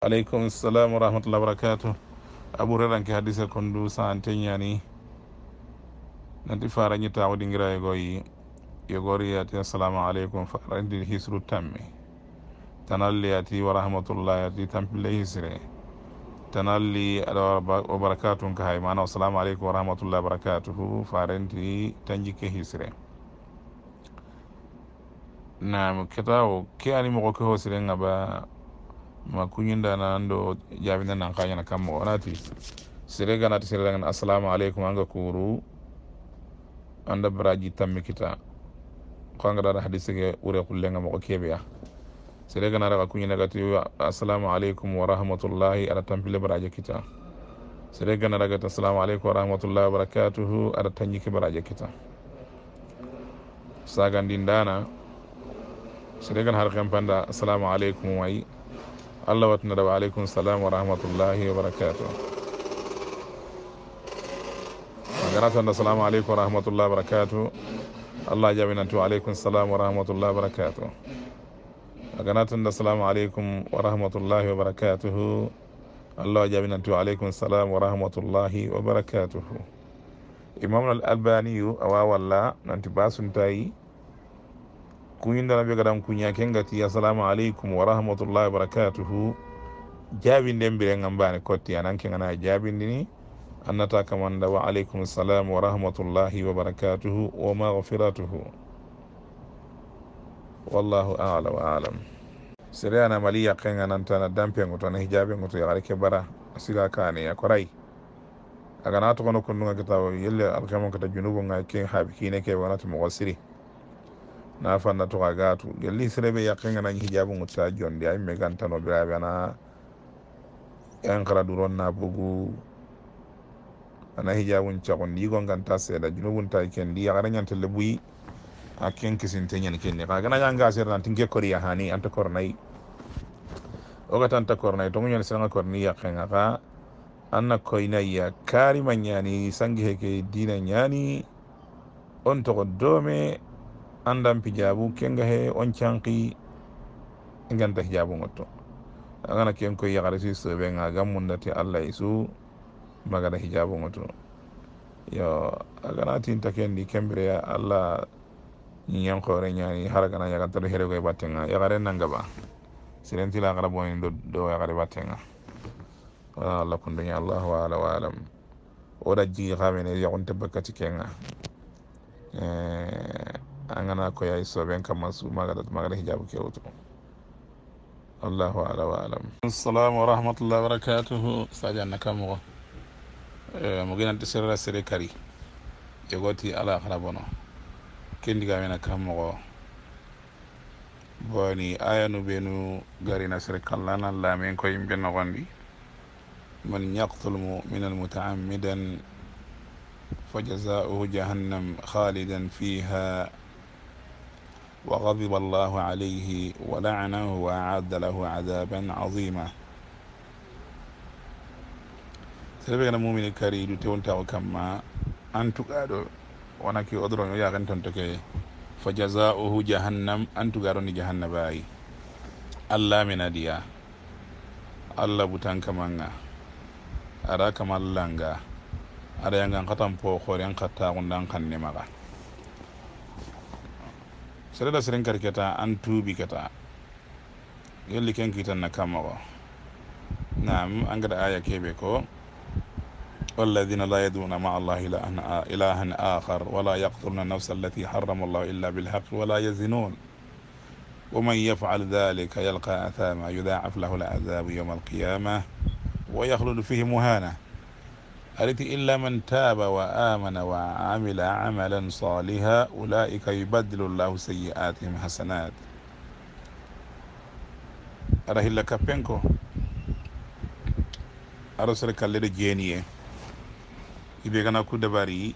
aleykum salam wa rahmatullah wabarakatu abou reranke hadise kon du san teñani nanti fara ñittawo ɗingira yogoyi e yogoriyati assalamu aleykum farandi hisru tammi tanalli ati wa rahmatullah ati tampille hisre tanalli aɗa wa barakatu ka hay mana assalamu aleykum wa rahmatullah wabarakatuhu farandi tanjike hisre nam ketawo ke animoxo ke hosirenga ba ma kuñinda nanndo jaabinda nankañana kamma onati sere ganati sere dagan assalamu aleykum anga kuru anda baraji tammi kita kangadaɗa hadise ge wure kullenga moko keɓeya sere ganata ka kuñinda gati assalamu aleykum wa rahmatullahi aɗa tampile baraje kita sere ganata gati assalamu aleykum wa rahmatullahi wa barakatuhu aɗa tañike baraje kita sagandin dana sere gan har kempanda assalamu aleykum wayi الله وتنا عليكم السلام ورحمة الله وبركاته وقرأتنا السلام عليكم ورحمة الله وبركاته الله جابنا تو عليكم السلام ورحمة الله وبركاته وقرأتنا السلام عليكم ورحمة الله وبركاته الله جابنا تو عليكم السلام ورحمة الله وبركاته إمامنا الألباني أو والله ننتباس تاي kuñindanaɓe gadam kuñaken gati assalamu aleykum wa rahmatullahi wabarakatuhu jaabinde mbiren gam mbani kotti ananke gana jaabindini annata kamanda wa aleykum salam wa rahmatullahi wabarakatuhu wa maghfiratuhu wallahu ala wa alam sere ana mali yakken anantana dampengo to ana hijabengo to yakare ke bara siga kane yakoray agana togono kundunga kita yelle alkamo kata junubo ga ke ke wonata mogo na fanna to ga gatu gelli serebe yakenga na hijabu ngutsa jondi ay me ganta no birabe ana en duron na bugu ana hijabu nchakon di gon ganta seda junubun tay ken di yara nyanta lebuyi a ken kisin tenyen ken ne ka na nyanga ser nan tinge kori ya hani anta kornai o ga tanta kornai to nyen sanga korni yakenga ka anna koyna ya kari manyani sangi heke dina nyani on to dome andan pijaabu kenga he on canki ganta hijaabu gotto agana ken koye yakhare si sobe ga gammundati allah y su magana hijaabu goto yo aganatinta kendi kembire allah ñankore ñani haragana yagantaɗo heregoye batte ga yakhare nanga ba serentila kara boni do do yakhare batte ga wala allah kundoña allahu ala wa alam oɗa jigi xamene yakunte bakkati kenga eh, an gana ko yayi soben kamar su magana magana hijabu ke wuto Allahu ala wa alam assalamu wa rahmatullahi wa barakatuhu sajan nakamu mo gina tisira sere kari yogoti ala khala bono kendi ga mena kammo boni ayanu benu garina sere kallana la men ko yimbe no gondi من يقتل مؤمنا متعمدا فجزاؤه جهنم خالدا فيها وغضب الله عليه ولعنه وأعد له عذابا عظيما سلبينا مؤمن الكريم تونتا وكما أن تقادو ونكي أدرون يا غنتون تكي فجزاؤه جهنم أن تقادوني جهنم باي الله من أديا الله بوتان كمانا أراكم الله أراكم الله أراكم الله أراكم الله أراكم الله أراكم الله sereda seren kar keta an tuubi keta yolli ken kitanna kammogo nam angata aya keɓe ko والذين لا يدعون مع الله إلها آخر ولا يقتلون النفس التي حرم الله إلا بالحق ولا يزنون ومن يفعل ذلك يلقى أثاما يضاعف له العذاب يوم القيامة ويخلد فيه مهانه التي إلا من تاب وآمن وعمل عملا صالحا أولئك يبدل الله سيئاتهم حسنات ara hilla kappen ko aro sere kallede jeeniye ibe gana ku dabari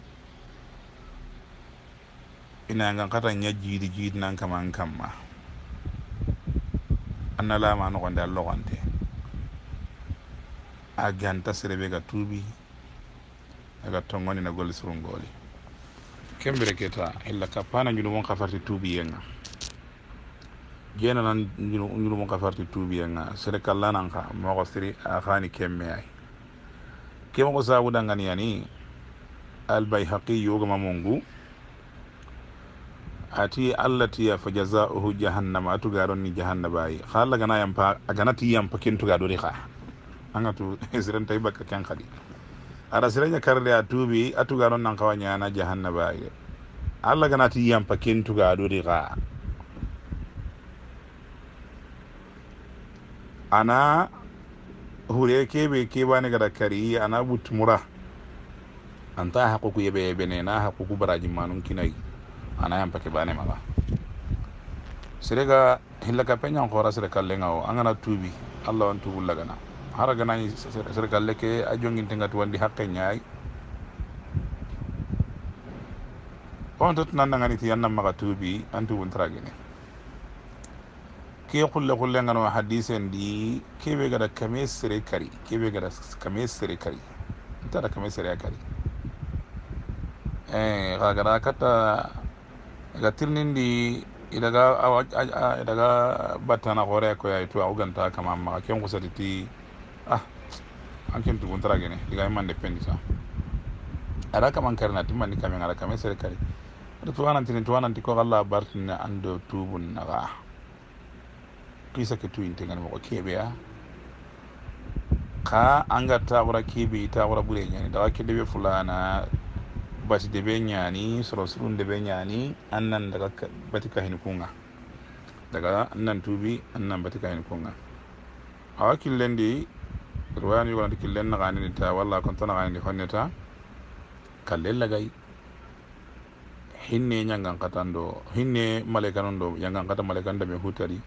ina gan kata nya jiidi jiidi nan kama an kamma anna lama nogonde allogonte a ganta sere be ga tuubi aga tongoni na golli surungoli kembere keta illa hilla kappana ñunu wonka farti yenga jeena nan ñunu wonka farti yenga sere kala nan ka moko siri a hani kemme ay kema ko sabudangani yani albayhaqi yogama mongu ati allah tiya fa jazauhu jahannama garon ni jahannabayi ha allah gana yampa aganati yampa gadori ha angatu sirentawi bakka ken aɗa sireña karde a tuubi a tuga noon nan kawa ñana jahannabaage allah ganati yiyampa kentuga aɗori xa ana hure keɓe keɓani gada kari ana ɓut mura anta haqu ku yeɓe yeɓene na haqu ku baraji manum kinayi ana yampa keɓane maga sirega hillaka peñan xora sere kallenga o a gana tuubi allah wan tubullagana hara ganañi sergalle ke a jongintengati wandi haqqe ñaay on ti nannanganiti yannan maxa tuubi an tuubuntiragene ke xulle xullengano hadisen di keɓe gada kame sere kari keɓe gada kame sere kari ntada kame sere a kari xa gada katta ga tirnindi idaga idaga battana xoore a koya tu axu ganta kama maxa ken xusatiti anken tuguntara gene diga man dependi sa ara kaman karna timman ni kamen ara kamen sere kare ada tuwanan tini tuwanan ti ko Allah bartin na ando tubun naga kisa ke tu intengan mo kebe ya ka anga ta wara kebe ta wara bure nyani daga ke debe fulana bati debe nyani soro surun debe nyani annan daga bati kahin kunga daga annan tubi annan bati kahin kunga awakin lendi riwaya nu yugonati killen naxaninita walla konto naxaninti honneta kallen lagay hinne ñangan katan do hinne malekan do nyangang kata malekan dame hutari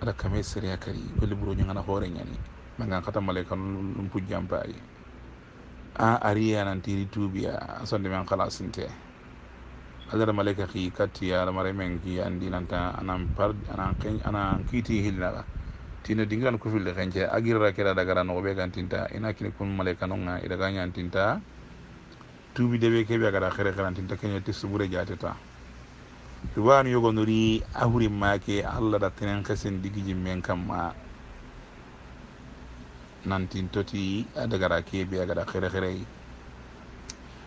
ada kame seria ya kari buru buro na hore nyani mangan kata malekan lum pujjampayi a ariya nanti ri tuubiya asonde man xala sinte adara malaika ki katti alamare men ki andi nanta anan par anan anan kiti hilnara tina dingan ku filde kenje agirra kera daga ran obe kan tinta ina kini kun malaika nonga ida ganya tinta tubi debe kebe agara khere kran tinta kenya tisubure jateta duwan yogo nuri ahuri make allah da tinen kasin digiji men kamma nantin toti adagara kebe agara khere khere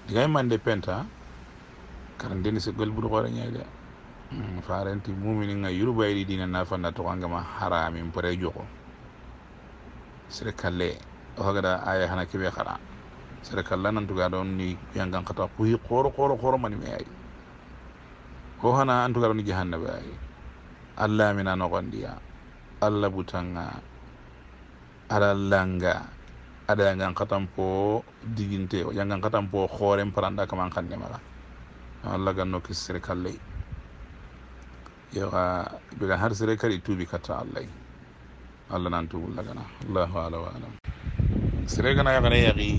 digay mande penta karandeni segol ɓuuri hoore hmm, ñaaga Faranti mumini nga yuru bayri dina nafanna togangama haramin pore joko sere kalle hogada aya hana kebe xara sere nan tuga don ni yangan xata koro koro koro mani manime ay ko hana antuga ɗon jahannabe ay allah mina noxondiya allah butanga ada langa ada yangan xatan po diginte yangan xatan po xooren paranda kaman no allah ganno kessere kallay yowa ɓega harsere kadi tuubi katta allahy allah nan tu wullagana allahu ala wa alam sereegana yagane yaki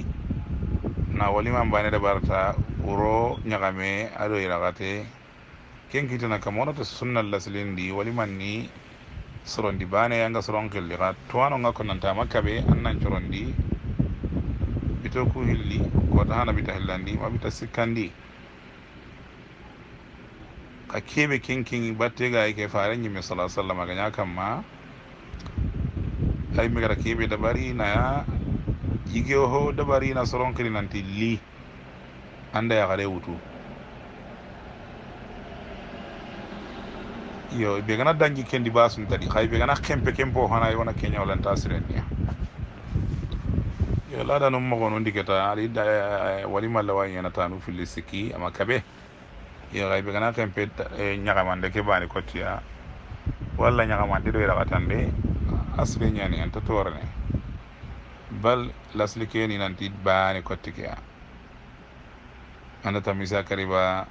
na walimam banede barata wuro ñagame aɗo yiraxate kenkitana kam wonata sunnal lasilin ndi waliman ni sorondi bane yanga soron kelliga towanonga ko nantama kaɓe an nan corondi ɓito ku hilli kota hana ɓita hillandi ma ɓita sikkandi a kebe kinkin batte ga yake faran yi misala sallama ga ya kan ma ay migara kebe dabari na ya yige ho dabari na soron kiri nanti li anda ya gare wutu yo be gana dangi kendi basun tadi khay be gana kempe kempo hana yona kenya wala tasirenya yo lada num mo gono ndiketa ali da eh, eh, wali malawa yana tanu filisiki ama kabe yoxay ɓe gana kempe eh, mande ke bani kottiya walla ñaxamande ɗo yeraxatande asre ñani anta torane bal lasli ni nanti bani kotti ya. anda tamisa kariba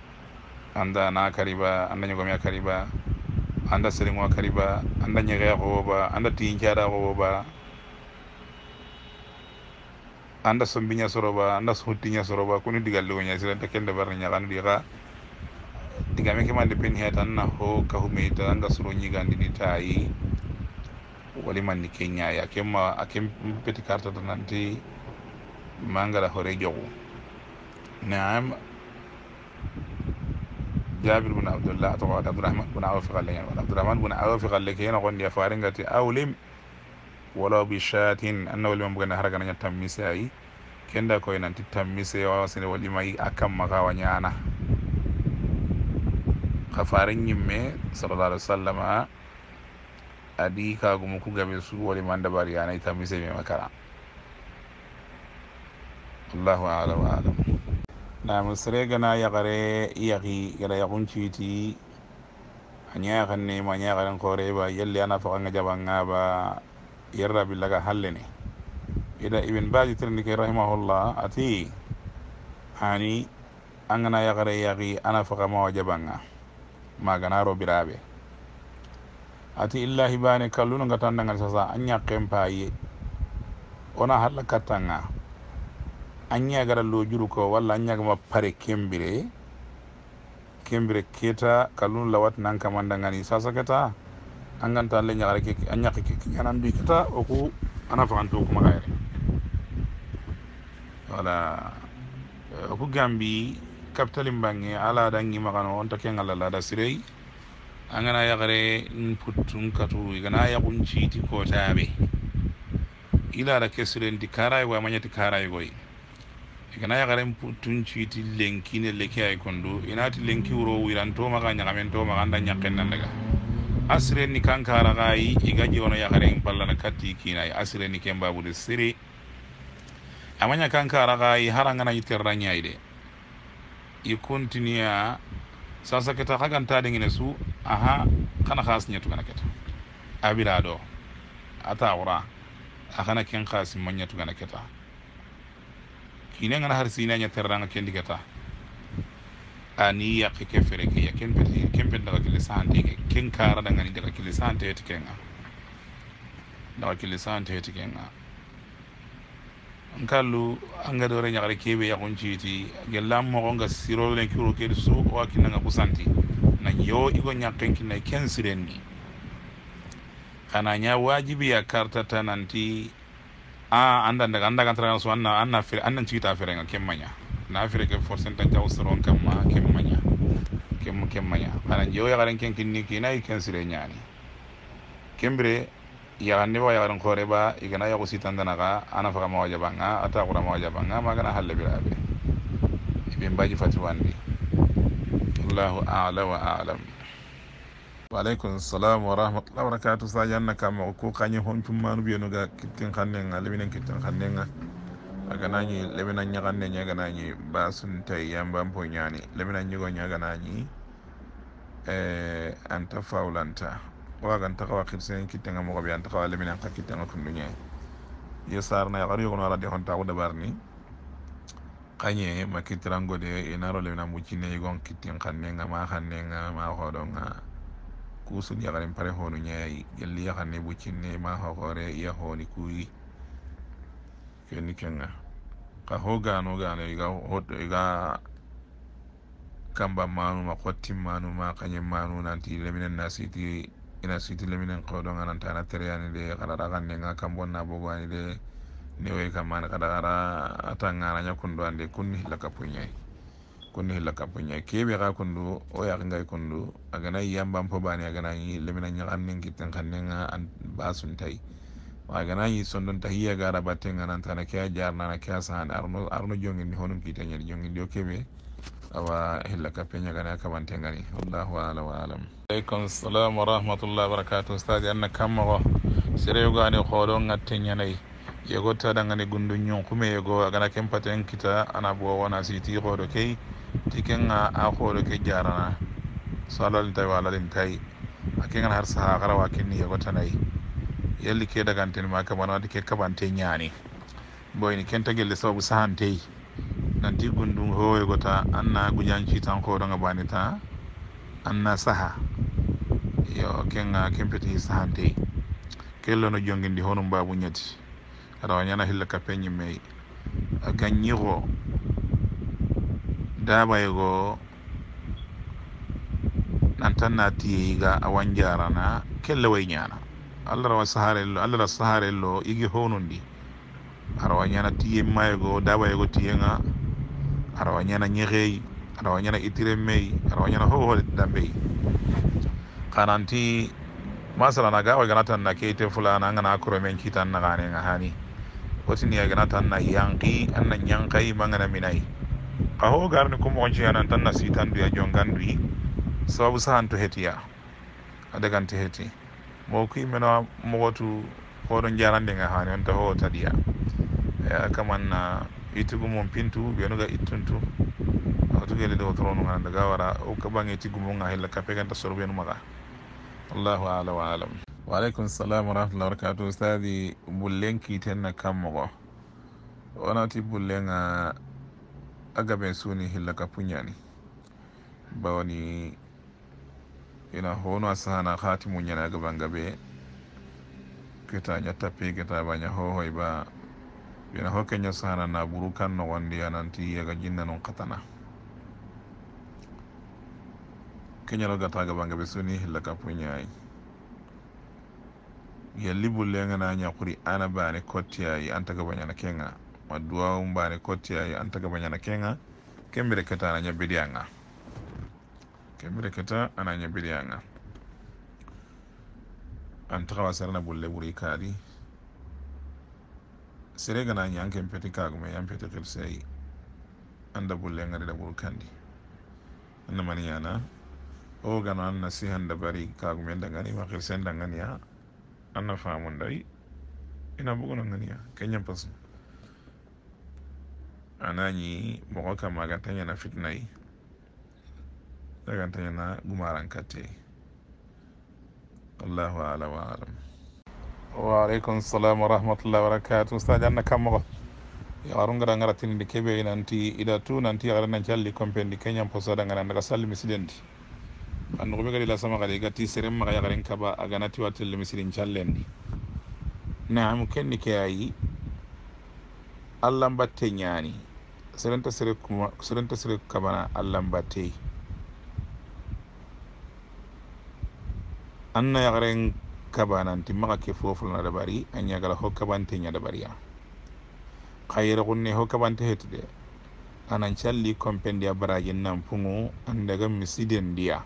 anda na kariba anda ñogomia kariba anda serengoa kariba anda ñexeya xowoba anda tinjara xowoba anda sombinya soroba anda suhutinya soroba kuni digalunya, siranta kende barne kan ɗi digame ke malle pen hetan na ho ka humeta anga suro nyigandi ni tayi walima ni kenya ya kema akem peti karta tananti mangala hore jogu naam jabir bin abdullah to wada abdurrahman bin awf galle yan wada abdurrahman bin awf galle ke yana gondi faringati awlim wala bi shatin anna walima bugana haraga na tammisa yi kenda ko nanti tammisa wa sine walima akam magawa nyana kafarin yimme sallallahu alaihi wasallam adi ka gumu ku gabe su wali man da bari anai ta mise me makara Allahu a'lam wa a'lam na musre gana ya gare gi gara ya kunci ti anya kan ne ma nya garan kore ba yalle ana fa jaban ba yarra billaga halle ne ida ibn baji tirni ke rahimahullah ati ani angana ya gare gi ana fa ma wajabanga magana birabe. ati illahi kallu no kalluno gatandagal sasa a ñakken paye ona halla kattanga a ñagara lojuru ko walla a ñagama pare kembire kembire keta kalluno lawatinan kamandagani sasa keta an ganta alle ñagara ke a ñaki ke kiñanan bi keta oku ana faganto kuma kayre wala oku gambi kapitalim bange ala da ngimagano onta ken alla lada sirei angana yagare nputtun katu igana yagunchiti kotaɓe ilada kesirenti karayi go amañati karai goi igana yagare nputtun chiti lenkine leke ay kondu inati lenki wuro wirantomaga ñagamentomaga anda ñakkenandaga asirenni kankaragayi iga jewono yagaren pallana katti kinayi asirenni ken babude siri amaña kankaraga yi har angana yiterrañayi de i continua sasa keta xa ganta dengene su aha xana xaasiñetu gana keta a bira do a taxura a xana ken xaasi mañetu gana keta kinengana har sinaña kendi keta ani yaqi ke fere ke ya ken peti ken peti daga kile sante ke ken kara daga ni daga kile sante kenga daga kile sante heti kenga anga nkallu angada kebe ya keɓe gela gellam nga siro le kiro kedi su o a nga kusanti na yo igo ñakken kinna ken siren ni xana ña wajibiya kartata nanti a anda andandaga andagantarana su anna anna fere anna cigita ferenga ken kemanya na fere ke for senta siron kamma ken ma kemanya ken maña xana yo yaxaren ken kinni kinayi ken sire ñaani kembre ba wa kore ba igana yago sitandanaga ana faga mawajabanga ata kura ma gana halle birabe ibin baji fatiwandi allahu ala wa alam waaleykum salam barakatuh sa sajanna kammago ko kañi honcummanu nyi kitken kannenga leminen kitten ba aganañi lemina ñaganne ñaganañi basuntay yambampo ñani lemina ñigo ñaganañi e eh, anta fawlanta wagan taxawa xirsen kittenga bi an taxawa leminen xa kittenga tunduñe ye sarna yaxar yogono ala dexontaxu dabarni xañe ma kittirangode inaro lemina muccine yigon kittin nga ma nga ma xoɗonga kusun yaxarin pare honu ñayi gelli yaxanne ne ma xoxore iya honi kui kenni kenga ka ho gano gano iga iga kamba manuma manu ma kanye manu nanti leminen na siti ina sitile minen kodon anan tana tereyani de kadara kanne nga kambon na bogo ani de ne way kamana kadara ata ngana nya kundu ande kunni hilla kapunya kunni hilla kapunya kebe ga kundu o ya nga kundu agana yamba mpo bani agana yi lemina nya kanne kitten kanne an basun tai agana yi sondon tahiya gara batenga nan tana jarna na kya sahan arno arno jongin ni honum kitanya jongin do kebe awa hilla kapen aka kamanten gani wallahu ala wa alam aleykum salam wa rahmatullah barakatuh stadi anna kammogo sereyogani hooɗo gatten yanayi yego taɗangani gundu ñunkume yego agana ken paten kita ana buwa wona si ti kodo kai ti kenga a hooɗo ke jarana so alalin tawi alalin tawi a kin har saha garawa kinni yego kai yalli ke dagantenima kamana wadi ke kabante ñaani boyni kentagelle sababu sahanteyi nanti gun ɗum howego ta anna gujanci tan hooɗoga bani ta anna saha yo kega kempeti sahante kello no jongindi honum babuñati ara wañana hilla ka peñi mey gañigo dabaygo nantan na tiyeyiga a wanjarana kelle way ñana allah rawa saharello allah ra saharello igi honundi ara wañana tiyemmayego dabaygo tiyega aɗa wañana ñeheyi aɗa wañana itire meyi aɗa wañana fof hoɗe dambeyi kananti masala na gawa gana tanna keite fulana angana kuro men kitanna ganenga hani wotini a gana tanna yanki anna ñankayi mangana minayi ka ho garni kumoxonci anan tanna sitanduya jonganduyi sababu sahanto hetiya a daganti heti mo kuimena mogotu hoɗo jarandenga hani onta ho taɗiya kamanna itigu mum pintu ɓenuga ittuntu awtugelede wotoronu gananda ga wara ka bange tiggu muga hella ka peganta sorbenu maga allahu ala wa alam waaleykum salam warahmatullah wabarakatu ustadi bullen kitenna kammogo wonati bullenga agaben suni hilla ka puñani bawoni ina hono a sahana hati muñani agabangabe keta ñatta pi keta ba yana ho kenya sana na buru kan nogondi ananti yaga jinna non katana kenya ro gata ga banga besuni hilla kapunyai yalli bullenga na nya kuri ana bane kottiyai anta ga banyana kenga ma duwa um bane kottiyai anta ga banyana kenga kembere kata na nya bidianga kembere kata ana nya bidianga anta ga wasarna bulle buri kadi sérégana ñanken peti kaago ma yampete xil sey andabul leŋari dabul kandi annamaniyana o gano an na sihanda bari kaago men dangani ma xil sen danganiya an na faamu ndayi ina bugunanganiya keña pasm anañi moxo ka maga tañana fitnayi dagan tañana gumaran katte allahu ala wa alam waaleykum salam wa rahmatullah wabarakatu ustaji anna kammogo yarungara ngaratinde keɓe nanti ida tu nanti yagarana calli compendi keñam posada ngana daga salli misidendi andugo ɓe gadi sama gadi gati serem maga yagaren kaba aganati wattelle misidin callendi naam kenni ke ayi allah mbatte ñaani serenta sere kuma serenta sere kabana allah mbatteyi anna yagaren ti maka ke na dabari anya gala ho kabante nya ya. xayere xunne ho kabante hetu de anan challi kompendia baraji nan pungu an daga misiden dia.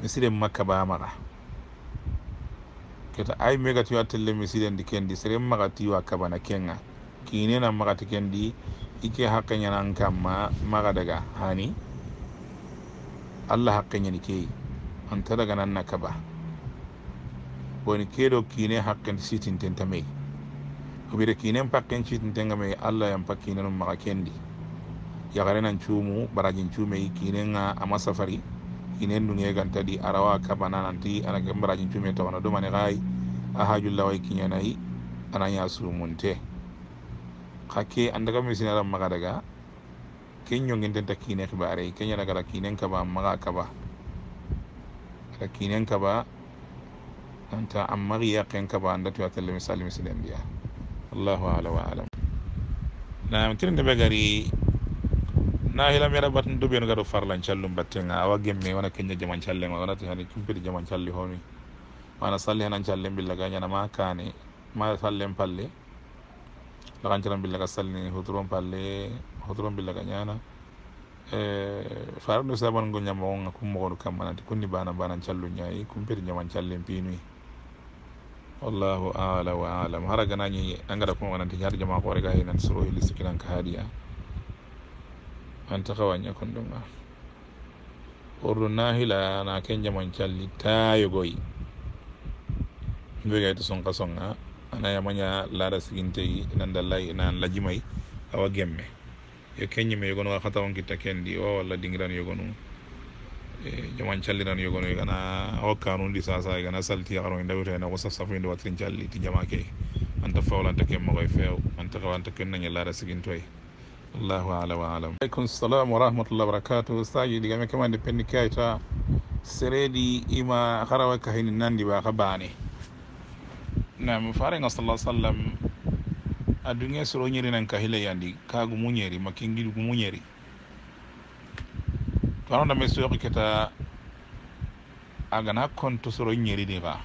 misiden makka mara keta ay megatiyo a telle misiden di kendi sere maxatiyo a kabana kenga maka ti kendi ike hakanya nan kama maka daga hani allah hakanya ni keyi antara daga kaba boni keɗo kine hakken sitinten tamey oɓire kinen pakken sitintenga may allah yan pa kine num maxa kendi nan cuumu barajin cuumeyi kinenga ama safari kinen dunge di arawa kabana nanti anagen barajin cuume tawana domane xaay a hajullaway kiñanayi ananya sumunte xa ke andaga misinaran maxa daga ken ñongintenta kine xibarey keñanagara kinen kaba maxa kaba ada kinen kaba kanta ammari yaqen kaba andatu wa tellemi salimi siɗen mbiya allahu ala wa alam nam tiri ndeɓe gari na hilam yaɗa batn duɓeno gaɗo farlan callum battega awa gemme wona keña jaman callema wonati hani cumpiɗe jaman calli homi wana salli henan calle billaga ñanama kane ma sallen palle lakancaran billaga sallini hutoron palle hutoron billaga ñana e, faraɗo sabango ñamogoga kummogoɗo kammananti kunni bana banan callu ñayi cumpiɗe jaman callen pinuyi wallahu ala wa alam hara ganañi angada kon wananti har jama hoore ga hay nan soro hilli sikinan ka haadi a an takawaña kon ɗum a ordu nahila na ken jaman calli tayogoyi mbegayto sonka songa anaya maña laada siginteyi nanda lay nan lajimay awa gemme yo kenñime yogono wa hatawan kitta kendi o walla dingiran yogonu jaman calliran yogono i gana wo kanundi sasa i gana salti yakaro i ndawitena safu inda watirin calli ti jama ke anta faula anta ken mogoy feew anta kawa anta ken lara sigin sigintoy allahu ala wa alam aleykum salam wa rahmatullahi rahmatullah wabarakatu saji digame kemande penni kayta seredi ima harawa kahini nandi ba ka baane nam farenga sala sallam a dunge soro ñerinan yandi kagu munyeri makkingiɗi gu muñeri faranda mesu yoki keta agana konto soro ñeridi fa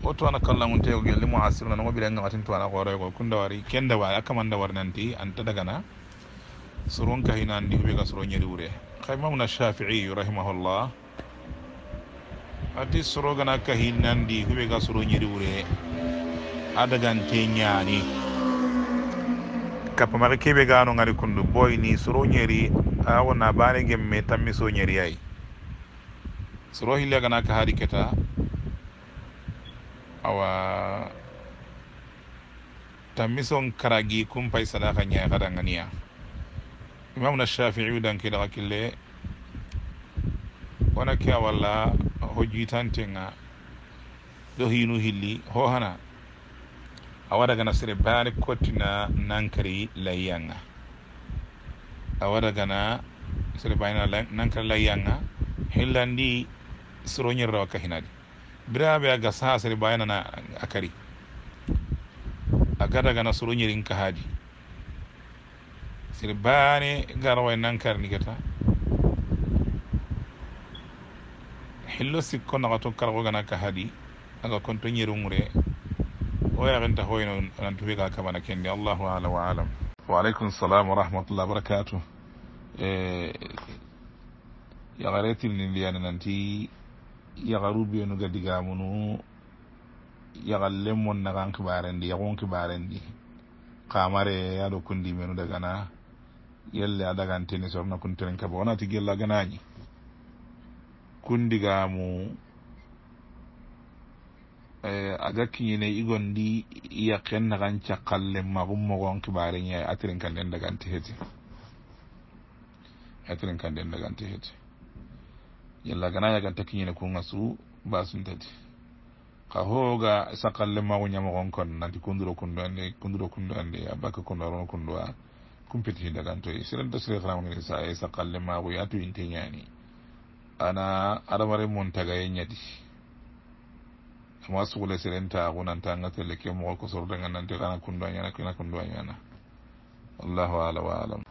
wo to ana kallamuntego gelli mo asirna nogo ɓirangamatin to ana hooroy ko kundawari ken dawari akkamanda war nanti anta dagana soron hina andi hoɓe ga soro nyeri wure xa imamuna shafiiyu rahimahullah ati suruh kahin nandi hoɓe ga soro ure. wure gan dagante kappa maxe keɓe gano gani kundu boy ni soro ñeri a wona bane gemme tammi so ñeri ay soro hillaganaka haari keta awa tammi son karagi cum pay sadaka ñaye xadanganiya imamna shafiiu dankidaxa kille wona ke a walla hojuitantenga do hinu hilli ho hana gana sere koti na nankari layyanga gana sere na nankari layyanga hillandi soroñirrawa kahinadi biraɓe a gas ha sere bayanana a kari a gadagana soroñirin kahadi sere baane garaway nankari nikata hilo sikko naxa to karaxogana kahadi aga konto umure oyaxinta hoyno nantu fika kamana kenni allahu alam wa alam waaleykum salam warahmatullah wabarakatu e yaxaretil ni mbiyani nanti yaxaru benu ga digamunu yaxa lemmon naxan kibarendi yaxun kibarendi xamare a do kundi menu dagana yelle a daganteni sorna kuntirin kaba onati gella ganañi kundigamu Eh, a gakkiñine igon ndi yaqen nakan caqallen ma ɓum mogon kibarenya atirin kan den daganti heti atirin kan den daganti heti yalla gana yagan takkiñine kunga su basuntati ka hooga saqallen magu ñamogon kon nanti kunduro kundo ande kunduro kundo ande a bakka kundorono kundo a kumpetiti dagantoy sirento sire xaramagini sa e saqallen magu yatuyinte ñani ana adamare mon tagaye ñadi ma sugle sirentaxunanta ngate leke moxo ko sorodanga nante xana kundu a ñana kina kundu a ñana wallahu alam wa alam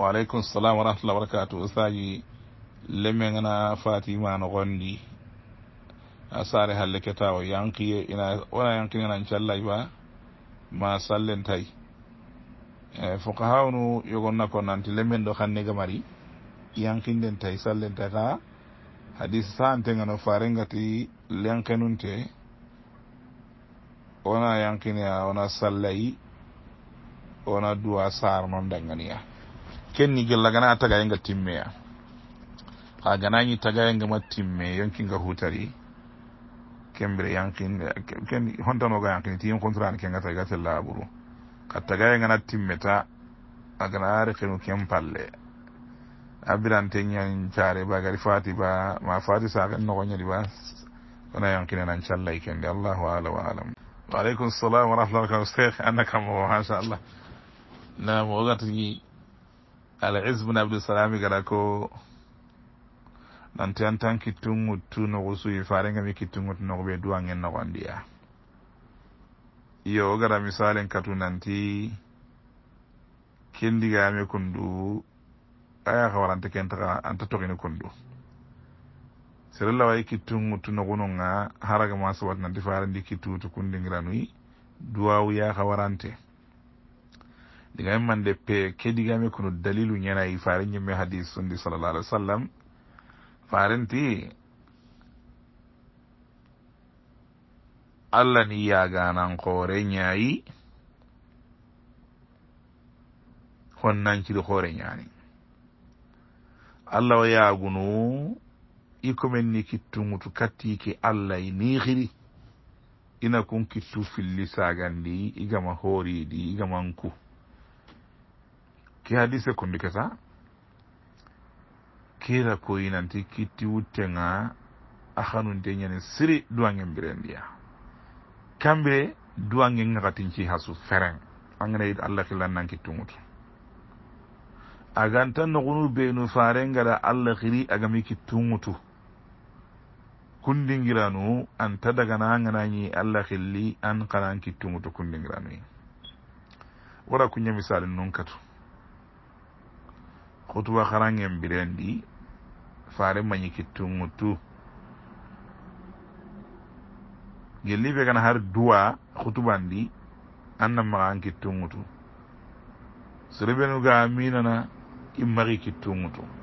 waaleykum salam wa rahmatullah barakatu osaji lemengana fatima noxondi a sare ha leketawo yankiye ina wona yankinganan callay ba ma sallentay e, fokahawnu yogonna ko nanti lemen ɗo xanne gamari yankinden tay sallentay xa hadis sa antengano farengati lenkenunte wona yankiniya wona sallayi wona duwa sar noon danganiya kenni gella gana tagaye nga timmeya ha ganañi tagaye ngama timme yonkinga hutari kembre yankin ken hontanoga yankini tiyim kontrani kenga tagate laburu ka tagaye ngana timmeta agana rekenu ken palle abirante ñani care bagari fati ba ma fati sagan nogoñadi ba wona yonkinenan callay kende allahu ala wa alam waaleykum salam wa rahmatullah wabarakatu cheikh annakamo machallah nam ogatigi alaiz bne abdusalami gara ko nanti an tan kittunŋut tu nogu suyi farengami kittunŋut nogu ɓe duwangen nogondiya yo ogara misalen katu nanti kendigame kundu aya hawarante kentaa anta togini kundu serella way e kittungu tuna gununga haraga ma sawatna difarandi kittuutu kundingiranuyi duwawu yaha warante digami mande pe ke digami kono dalilu ñanayi fare ñimme hadis sundi salallah alih wa sallam farenti allah ni yaganankoore ñayi honnanciri hoore ñani allah o yagunu ikomen ni kittugutu kattike allah nihiri ina kun kittu filli sagandi igama horidi igamanku ki hadise kundiketa kira koyinanti kitti wuttenga ahanunte ñani siri duwangen birendiya kambire duwange ngakatinci hasu feren angene yit allah kilan nan kittugutu agantan nogunu benu faren gada allah xiri agami kittugutu kundingiranu anta dagana ganañi allah xilli an xanan kittuguto kundingiranuyi wara kuña misali nun katu xutuwa xarangen birendi fare mañi kittuguttu gelli be gana har duwa xutubandi an na maxan kittuguttu serebenuga aminana i maxi kittuguttu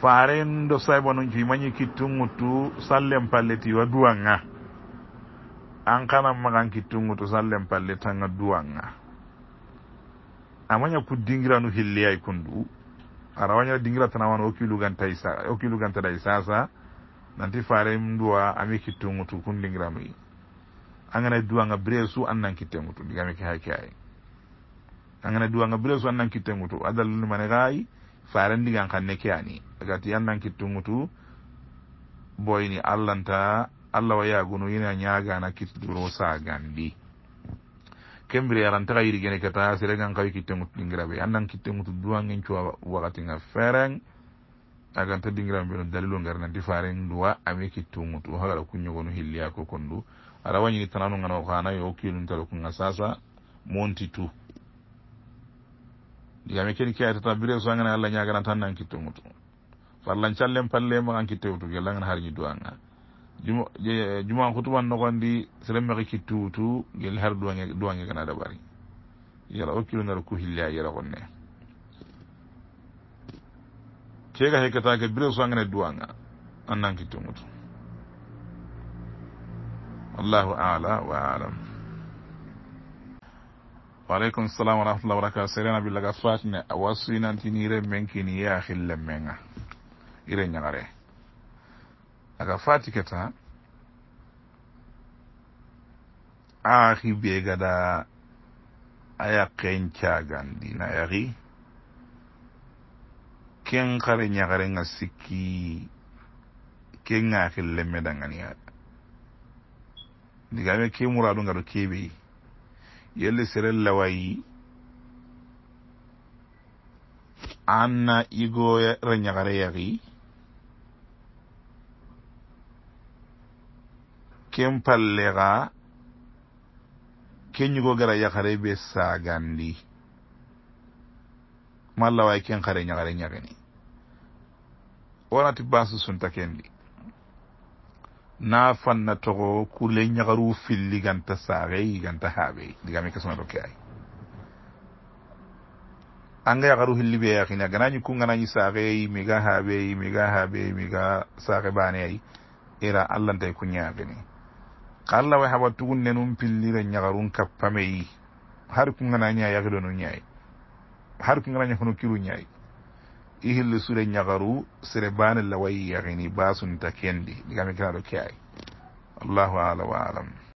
faren do saibonon ki manyi kitungu tu sallem palleti wa duwa nga ankana magan kitungu tu sallem palleta nga duwa nga amanya ku dingira nu hilli ay kundu ara wanya dingira tana wana okilu ganta isa okilu ganta da isa sa nanti fare mduwa ami kitungu tu kun dingira mu yi angana duwa nga bire su annan kitungu tu digame ki hake ay angana duwa nga bire su annan kitungu tu adalu ni manegayi farandigan kanne keyani gati yannan kittugutu boyni allanta allah wa yagunu yina ñagana kittuduro sagandi kembire yarantaxa yirigene keta siregan kawi kittegutu dingirabe yannan kittegutu duwangen cuwa waxatinga fereng aganta dingiraɓe mbeno dalilu ngar nanti faren duwa ame kittugutu hagara kuñogonu hilliya ko kondu arawañini tananu ngana oxana yo kilunitalokunga sasa montitu ndiyami keni keyata tan bire so angana allah ñaganan tan nan kitto ŋutu farlan callen pallema an kitte utu gella ngana harñi du anga juma hutuman nogondi sere mahe kitti utu gel har duwange gana dabari yara o kilo naro ku hilla yara gonne kega hekketake bire so angana du anga an nan kitto ŋutu allahu ala wa alam waaleykum salam wa rahmatullah wa barakatu sereena billaga fatine a wassuinantiniire men kini yeya hille menga ire ñagare aga fati keta aahi be gada ayaqen cagandina yaki ken hare ñagarenga sikki ken ga hille medangania ndigame ke muradu ngado ke beyi yelle serel lawayi anna igoya rañakare yaki ken pallexa ke ñigo gara yakare be sagandi ma lawayi ken xare ñakare ñakini wonati basu sunta kendi na fanna toxo kule ñaxaru filli ganta saxe yiganta xaɓe digami kasuna toke ay anga yaxaru xilli ɓe yaxina gana ñu ku ngana ñi saxe yimiga xaɓe yimiga xaɓe yimiga saxe ɓane ay era allantay ku ñaxini xalla way xaɓa tugun nenum pillire ñaxarun kappame yi xar ku ngana ñayaxidonu ñay xar ku ngana ñaxunu kiru ñay ihilli sure ñagaru sere baanel la wayi yahini baasunta kendi ɗigami kenaɗo keyay allahu ala wa alam